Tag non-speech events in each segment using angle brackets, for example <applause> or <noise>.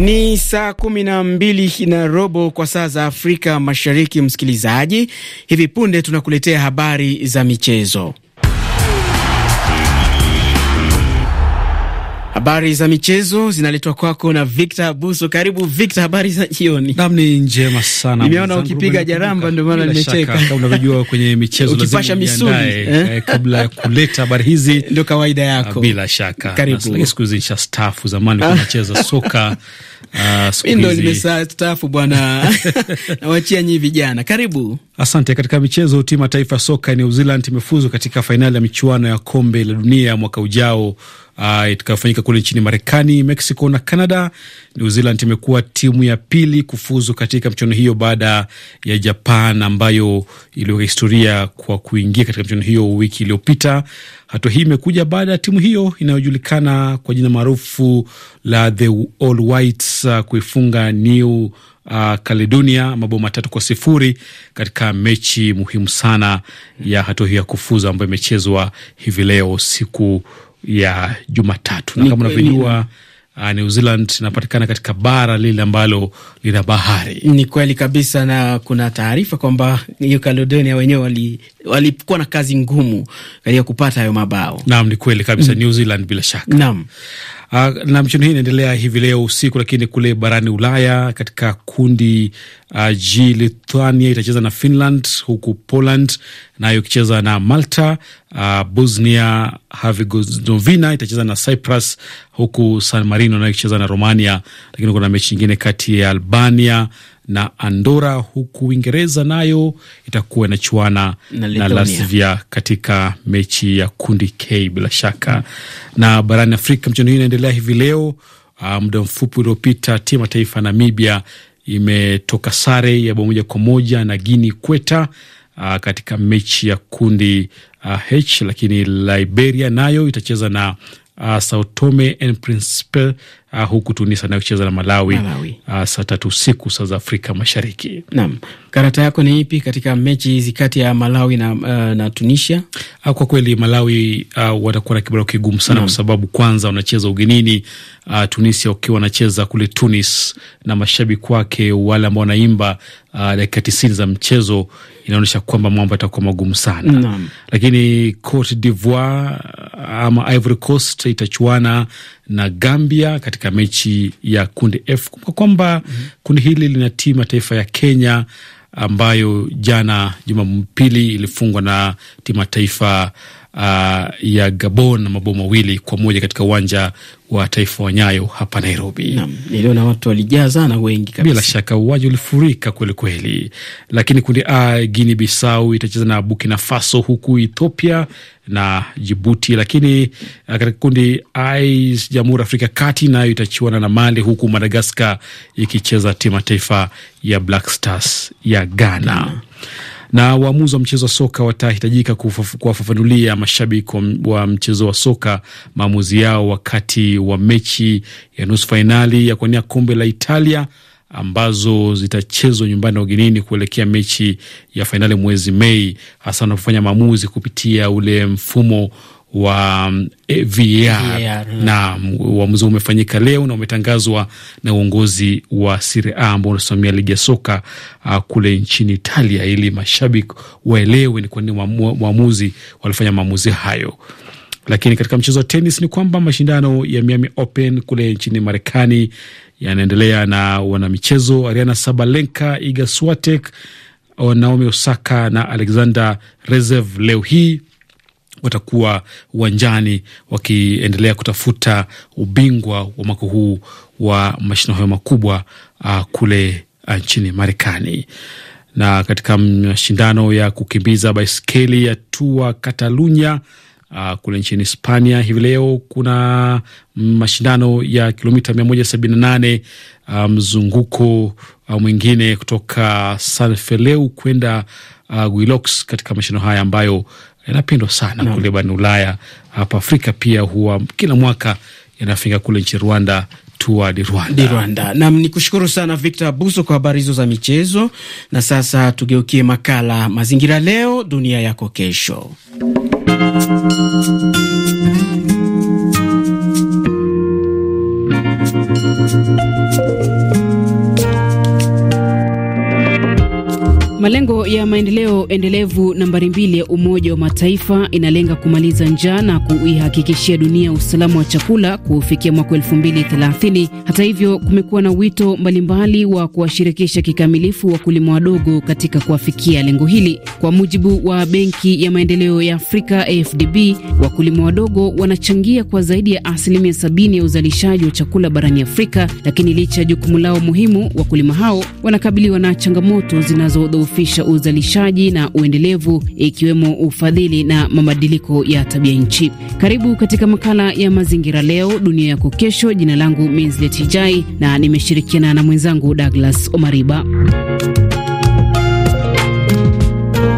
Ni saa kumi na mbili na robo kwa saa za Afrika Mashariki. Msikilizaji, hivi punde tunakuletea habari za michezo. Habari za michezo zinaletwa kwako na Victor Abuso. Karibu Victor, habari za jioni. nam ni njema sana. Nimeona ukipiga jaramba ndio maana nimecheka. unavyojua kwenye michezo ukipasha misuli eh? eh, kabla ya kuleta habari hizi <laughs> ndio kawaida ah, yako. Bila shaka. Karibu. Siku hizi nisha staafu, zamani kunacheza <laughs> soka. Uh, mimi ndo bwana. <laughs> Nawachia nyi vijana. Karibu. Asante. Katika michezo, timu ya taifa ya soka ya New Zealand imefuzu katika fainali ya michuano ya kombe la dunia mwaka ujao, uh, itakayofanyika kule nchini Marekani, Mexico na Canada. New Zealand imekuwa timu ya pili kufuzu katika michuano hiyo baada ya Japan ambayo iliweka historia kwa kuingia katika michuano hiyo wiki iliyopita. Hatua hii imekuja baada ya timu hiyo inayojulikana kwa jina maarufu la the All Whites uh, kuifunga New Uh, Caledonia mabao matatu kwa sifuri katika mechi muhimu sana ya hatua hiyo ya kufuza ambayo imechezwa hivi leo siku ya Jumatatu, na kama unavyojua uh, New Zealand inapatikana katika bara lile ambalo lina bahari. Ni kweli kabisa, na kuna taarifa kwamba hiyo Caledonia wenyewe walikuwa wali na kazi ngumu katika kupata hayo mabao. Naam, ni kweli kabisa mm. New Zealand bila shaka. Naam. Uh, na michuano hii inaendelea hivi leo usiku, lakini kule barani Ulaya katika kundi uh, G, Lithuania itacheza na Finland, huku Poland nayo ikicheza na Malta. Uh, Bosnia Herzegovina itacheza na Cyprus, huku San Marino nayo ikicheza na Romania, lakini kuna mechi nyingine kati ya Albania na Andora, huku Uingereza nayo itakuwa inachuana na, na Latvia katika mechi ya kundi K bila shaka mm. Na barani Afrika mchezo hii inaendelea hivi leo. Ah, muda mfupi uliopita timu ya taifa ya Namibia imetoka sare ya bao moja kwa moja na Kweta uh, ah, katika mechi ya kundi ah, H, lakini Liberia nayo itacheza na Uh, Sao Tome and Principe uh, huku Tunisia nayo kucheza na Malawi, Malawi. Uh, saa tatu usiku saa za Afrika Mashariki. Naam, karata yako ni ipi katika mechi hizi kati ya Malawi na, uh, na Tunisia? Uh, kwa kweli Malawi uh, watakuwa na kibarua kigumu sana kwa sababu kwanza wanacheza ugenini uh, Tunisia wakiwa wanacheza kule Tunis na mashabiki wake wale ambao wanaimba uh, ah, dakika tisini za mchezo inaonyesha kwamba mambo yatakuwa magumu sana Naam. Lakini Cote d'Ivoire ah, ama Ivory Coast itachuana na Gambia katika mechi ya kundi F. Kumbuka kwamba mm -hmm. kundi hili lina timu ya taifa ya Kenya ambayo jana Jumapili ilifungwa na timu ya taifa uh, ya Gabon na mabao mawili kwa moja katika uwanja wa taifa wa Nyayo hapa Nairobi. Niliona watu walijaza na wengi kabisa, bila shaka uwanja ulifurika kwelikweli. Lakini kundi A, Guinea Bissau itacheza na Burkina Faso, huku Ethiopia na Jibuti. Lakini uh, katika kundi I, Jamhuri ya Afrika Kati nayo itachuana na Mali, huku Madagaskar ikicheza timu taifa ya Black Stars ya Ghana. Dina. Na waamuzi wa mchezo wa soka watahitajika kuwafafanulia mashabiki wa mchezo wa soka maamuzi yao wakati wa mechi ya nusu fainali ya kuania kombe la Italia ambazo zitachezwa nyumbani na ugenini kuelekea mechi ya fainali mwezi Mei, hasa wanapofanya maamuzi kupitia ule mfumo wa eh, VAR, VAR hmm. na uamuzi umefanyika leo na umetangazwa na uongozi wa Serie A ambao unasimamia ligi ya soka uh, kule nchini Italia, ili mashabiki waelewe ni kwa nini waamuzi walifanya maamuzi hayo. Lakini katika mchezo wa tenis ni kwamba mashindano ya Miami Open kule nchini Marekani yanaendelea na wanamichezo Ariana Sabalenka, Iga Swiatek, Naomi Osaka na Alexander Rezev leo hii watakuwa uwanjani wakiendelea kutafuta ubingwa wa mwaka huu wa mashindano hayo makubwa uh, kule uh, nchini Marekani. Na katika mashindano ya kukimbiza baiskeli ya Tua Katalunya Uh, kule nchini Hispania hivi leo kuna mashindano ya kilomita 178 uh, mzunguko uh, mwingine kutoka San Feleu kwenda uh, Guilox katika mashindano haya ambayo yanapendwa sana no. kule barani Ulaya, hapa Afrika pia huwa kila mwaka yanafika kule nchi Rwanda Rwanda. Rwanda. Nam ni kushukuru sana Victor Abuso kwa habari hizo za michezo, na sasa tugeukie makala Mazingira Leo Dunia Yako Kesho. Malengo ya maendeleo endelevu nambari mbili ya Umoja wa Mataifa inalenga kumaliza njaa na kuihakikishia dunia usalama wa chakula kufikia mwaka 2030. Hata hivyo, kumekuwa na wito mbalimbali wa kuwashirikisha kikamilifu wakulima wadogo katika kuwafikia lengo hili. Kwa mujibu wa Benki ya Maendeleo ya Afrika AFDB, wakulima wadogo wanachangia kwa zaidi ya asilimia sabini ya uzalishaji wa chakula barani Afrika, lakini licha ya jukumu lao muhimu, wakulima hao wanakabiliwa na changamoto zinazo kudhoofisha uzalishaji na uendelevu, ikiwemo ufadhili na mabadiliko ya tabia nchi. Karibu katika makala ya mazingira leo dunia yako kesho. Jina langu Minzletijai na nimeshirikiana na mwenzangu Douglas Omariba.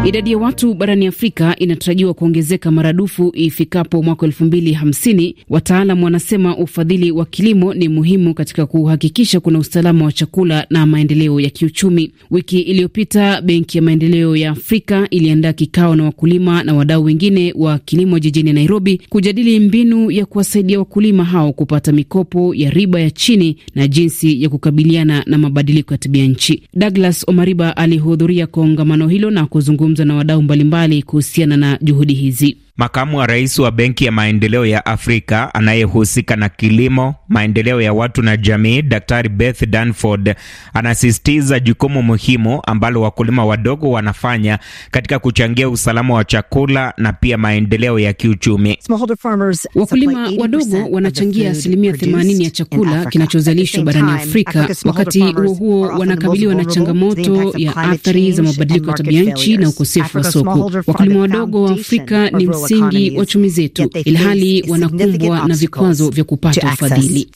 Idadi ya watu barani Afrika inatarajiwa kuongezeka maradufu ifikapo mwaka elfu mbili hamsini. Wataalam wanasema ufadhili wa kilimo ni muhimu katika kuhakikisha kuna usalama wa chakula na maendeleo ya kiuchumi. Wiki iliyopita Benki ya Maendeleo ya Afrika iliandaa kikao na wakulima na wadau wengine wa kilimo jijini Nairobi kujadili mbinu ya kuwasaidia wakulima hao kupata mikopo ya riba ya chini na jinsi ya kukabiliana na mabadiliko ya tabia nchi. Douglas Omariba alihudhuria kongamano hilo na kuzungumza amezungumza na wadau mbalimbali kuhusiana na juhudi hizi. Makamu wa rais wa Benki ya Maendeleo ya Afrika anayehusika na kilimo, maendeleo ya watu na jamii, Daktari Beth Danford anasisitiza jukumu muhimu ambalo wakulima wadogo wanafanya katika kuchangia usalama wa chakula na pia maendeleo ya kiuchumi. Wakulima wadogo wanachangia asilimia 80 ya chakula kinachozalishwa barani Afrika. Wakati huo huo, wanakabiliwa na changamoto ya athari za mabadiliko ya tabia nchi na ukosefu wa soko. Wakulima wadogo wa Afrika ni msingi wa chumi zetu, ilhali wanakumbwa na vikwazo vya kupata ufadhili.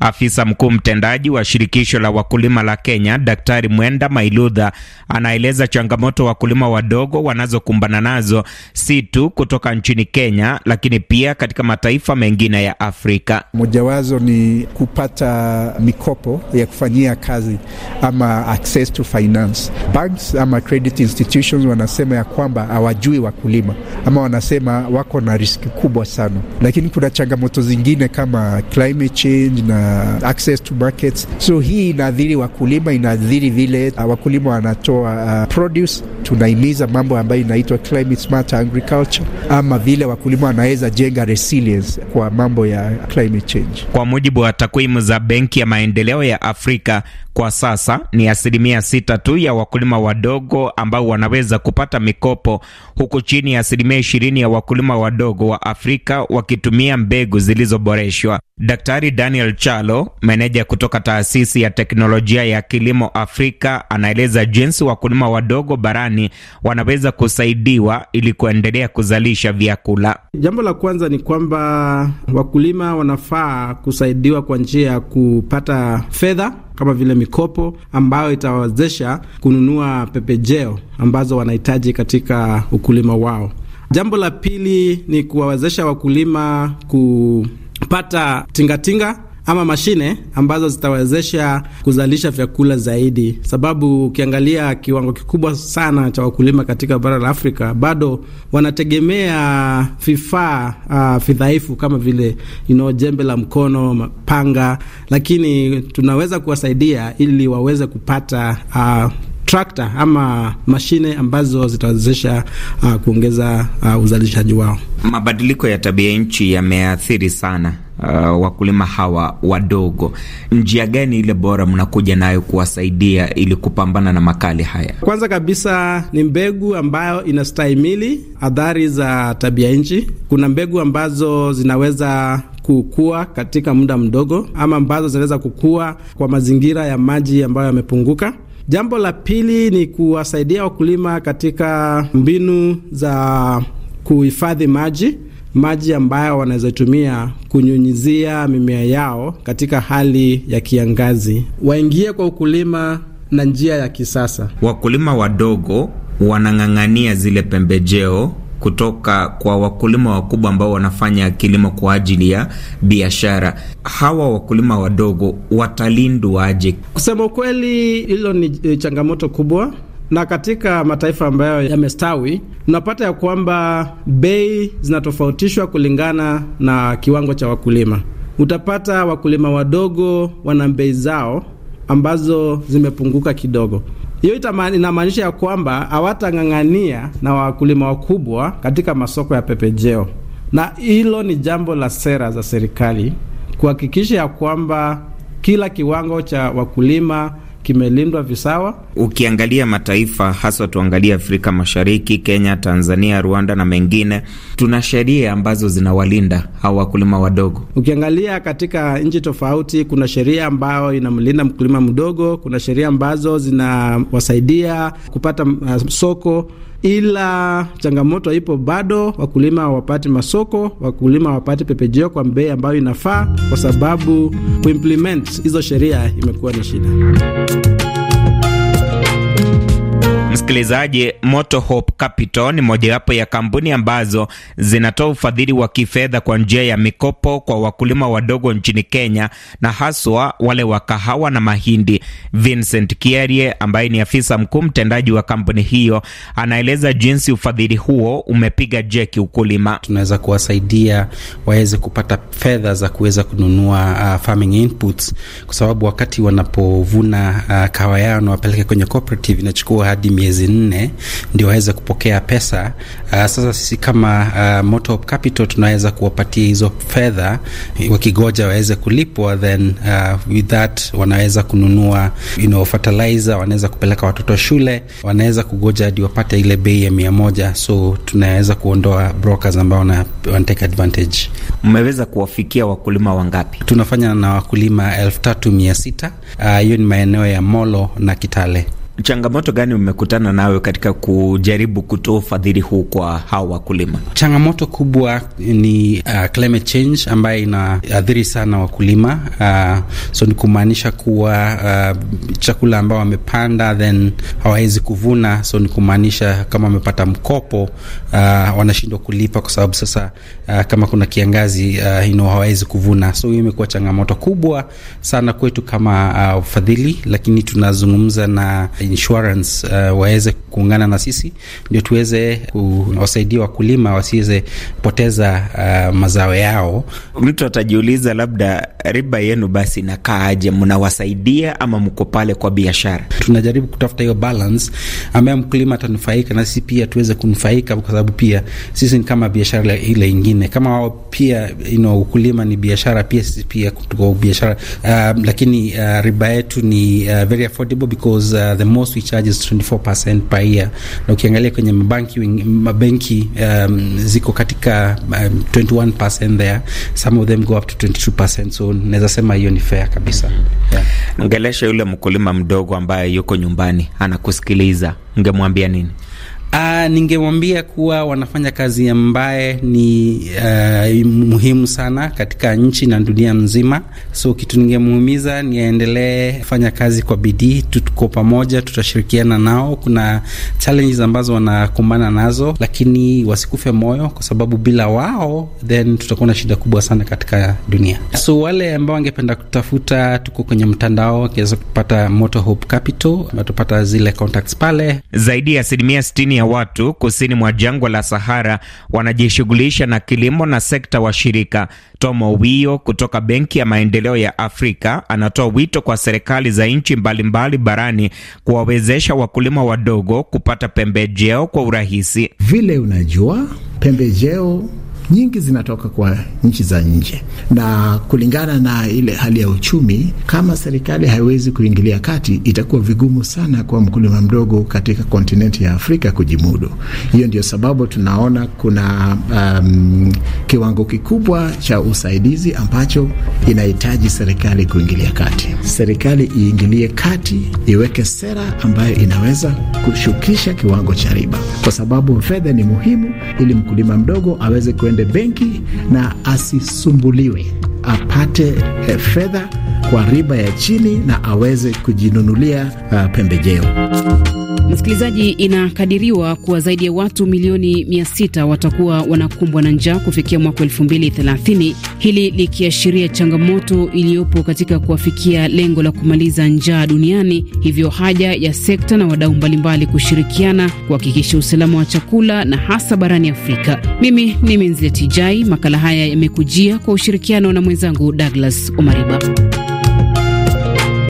Afisa mkuu mtendaji wa shirikisho la wakulima la Kenya, Daktari Mwenda Mailudha, anaeleza changamoto wakulima wadogo wanazokumbana nazo si tu kutoka nchini Kenya, lakini pia katika mataifa mengine ya Afrika. Mojawazo ni kupata mikopo ya kufanyia kazi ama access to finance. Banks ama credit institutions wanasema ya kwamba hawajui wakulima ama wanasema wako na riski kubwa sana, lakini kuna changamoto zingine kama climate change na access to markets. So hii inaathiri wakulima, inaathiri vile uh, wakulima wanatoa uh, produce. Tunahimiza mambo ambayo inaitwa climate smart agriculture, ama vile wakulima wanaweza jenga resilience kwa mambo ya climate change. Kwa mujibu wa takwimu za Benki ya Maendeleo ya Afrika, kwa sasa ni asilimia sita tu ya wakulima wadogo ambao wanaweza kupata mikopo, huku chini ya asilimia ishirini ishirini ya wakulima wadogo wa Afrika wakitumia mbegu zilizoboreshwa. Daktari Daniel Chalo, meneja kutoka taasisi ya teknolojia ya kilimo Afrika, anaeleza jinsi wakulima wadogo barani wanaweza kusaidiwa ili kuendelea kuzalisha vyakula. Jambo la kwanza ni kwamba wakulima wanafaa kusaidiwa kwa njia ya kupata fedha kama vile mikopo ambayo itawawezesha kununua pembejeo ambazo wanahitaji katika ukulima wao. Jambo la pili ni kuwawezesha wakulima kupata tingatinga ama mashine ambazo zitawezesha kuzalisha vyakula zaidi, sababu ukiangalia kiwango kikubwa sana cha wakulima katika bara la Afrika bado wanategemea vifaa uh, vidhaifu kama vile you know, jembe la mkono, panga, lakini tunaweza kuwasaidia ili waweze kupata uh, trakta ama mashine ambazo zitawezesha uh, kuongeza uh, uzalishaji wao. Mabadiliko ya tabia nchi yameathiri sana uh, wakulima hawa wadogo. Njia gani ile bora mnakuja nayo kuwasaidia ili kupambana na makali haya? Kwanza kabisa ni mbegu ambayo inastahimili adhari za tabia nchi. Kuna mbegu ambazo zinaweza kukua katika muda mdogo ama ambazo zinaweza kukua kwa mazingira ya maji ambayo yamepunguka. Jambo la pili ni kuwasaidia wakulima katika mbinu za kuhifadhi maji, maji ambayo wanawezotumia kunyunyizia mimea yao katika hali ya kiangazi. Waingie kwa ukulima na njia ya kisasa. Wakulima wadogo wanang'ang'ania zile pembejeo kutoka kwa wakulima wakubwa ambao wanafanya kilimo kwa ajili ya biashara. Hawa wakulima wadogo watalindwaje? Kusema ukweli, hilo ni e, changamoto kubwa, na katika mataifa ambayo yamestawi unapata ya kwamba bei zinatofautishwa kulingana na kiwango cha wakulima. Utapata wakulima wadogo wana bei zao ambazo zimepunguka kidogo hiyo inamaanisha ya kwamba hawatang'ang'ania na wakulima wakubwa katika masoko ya pepejeo na hilo ni jambo la sera za serikali kuhakikisha ya kwamba kila kiwango cha wakulima kimelindwa visawa. Ukiangalia mataifa haswa, tuangalie Afrika Mashariki, Kenya, Tanzania, Rwanda na mengine, tuna sheria ambazo zinawalinda hawa wakulima wadogo. Ukiangalia katika nchi tofauti, kuna sheria ambayo inamlinda mkulima mdogo, kuna sheria ambazo zinawasaidia kupata uh, soko ila changamoto ipo bado, wakulima wapate masoko, wakulima wapate pepejeo kwa bei ambayo inafaa, kwa sababu kuimplement hizo sheria imekuwa ni shida. Msikilizaji, Moto Hope Capital ni mojawapo ya kampuni ambazo zinatoa ufadhili wa kifedha kwa njia ya mikopo kwa wakulima wadogo nchini Kenya na haswa wale wa kahawa na mahindi. Vincent Kierie ambaye ni afisa mkuu mtendaji wa kampuni hiyo anaeleza jinsi ufadhili huo umepiga jeki ukulima. Tunaweza kuwasaidia waweze kupata fedha za kuweza kununua uh, farming inputs kwa sababu wakati wanapovuna uh, kahawa yao na wapeleke kwenye cooperative inachukua hadi miezi miezi nne ndio waweze kupokea pesa. Uh, sasa sisi kama uh, ah, Moto Capital tunaweza kuwapatia hizo fedha wakigoja waweze kulipwa, then uh, with that wanaweza kununua you know, fertilizer, wanaweza kupeleka watoto shule, wanaweza kugoja hadi wapate ile bei ya mia moja. So tunaweza kuondoa brokers ambao wanatake advantage. Mmeweza kuwafikia wakulima wangapi? Tunafanya na wakulima elfu tatu mia sita hiyo uh, ni maeneo ya Molo na Kitale. Changamoto gani umekutana nawe katika kujaribu kutoa ufadhili huu kwa hawa wakulima? Changamoto kubwa ni uh, climate change ambayo inaathiri sana wakulima uh, so ni kumaanisha kuwa uh, chakula ambao wamepanda then hawawezi kuvuna, so ni kumaanisha kama wamepata mkopo uh, wanashindwa kulipa kwa sababu sasa uh, kama kuna kiangazi uh, you know, hawawezi kuvuna, so hiyo imekuwa changamoto kubwa sana kwetu kama uh, ufadhili uh, lakini tunazungumza na insurance uh, waweze kuungana na sisi ndio tuweze kuwasaidia wakulima wasiweze poteza uh, mazao yao. Mtu atajiuliza labda riba yenu basi inakaaje? Mnawasaidia ama mko pale kwa biashara? Tunajaribu kutafuta hiyo balance ambayo mkulima atanufaika na sisi pia tuweze kunufaika, kwa sababu pia sisi ni kama biashara ile ingine kama wao pia you know, ukulima ni biashara pia, sisi pia tuko biashara uh, lakini uh, riba yetu ni uh, very affordable because uh, the most we charge is 24% per year, na ukiangalia kwenye mabanki mabenki um, ziko katika um, 21% there, some of them go up to 22%, so naweza sema hiyo ni fair kabisa. Yeah. Ongelesha yule mkulima mdogo ambaye yuko nyumbani anakusikiliza, ungemwambia nini? Uh, ah, ningemwambia kuwa wanafanya kazi ambaye ni uh, muhimu sana katika nchi na dunia mzima. So kitu ningemuhimiza ni aendelee kazi kwa bidii, tuko pamoja, tutashirikiana nao. Kuna challenges ambazo wanakumbana nazo, lakini wasikufe moyo, kwa sababu bila wao then tutakuwa na shida kubwa sana katika dunia. So wale ambao wangependa kutafuta, tuko kwenye mtandao, wakiweza kupata Moto Hope Capital, watapata zile contacts pale. Zaidi ya asilimia ya watu kusini mwa jangwa la Sahara wanajishughulisha na kilimo na sekta washirika. Tomo Wio kutoka Benki ya Maendeleo ya Afrika anatoa wito kwa serikali za nchi mbalimbali barani kuwawezesha wakulima wadogo kupata pembejeo kwa urahisi. Vile unajua pembejeo nyingi zinatoka kwa nchi za nje, na kulingana na ile hali ya uchumi, kama serikali haiwezi kuingilia kati, itakuwa vigumu sana kwa mkulima mdogo katika kontinenti ya Afrika kujimudu. Hiyo ndio sababu tunaona kuna um, kiwango kikubwa cha usaidizi ambacho inahitaji serikali kuingilia kati. Serikali iingilie kati, iweke sera ambayo inaweza kushukisha kiwango cha riba, kwa sababu fedha ni muhimu ili mkulima mdogo aweze kuenda aende benki na asisumbuliwe, apate eh, fedha kwa riba ya chini na aweze kujinunulia eh, pembejeo. Msikilizaji, inakadiriwa kuwa zaidi ya watu milioni 600 watakuwa wanakumbwa na njaa kufikia mwaka 2030, hili likiashiria changamoto iliyopo katika kuwafikia lengo la kumaliza njaa duniani, hivyo haja ya sekta na wadau mbalimbali kushirikiana kuhakikisha usalama wa chakula na hasa barani Afrika. Mimi ni Minzetijai, makala haya yamekujia kwa ushirikiano na mwenzangu Douglas Omariba.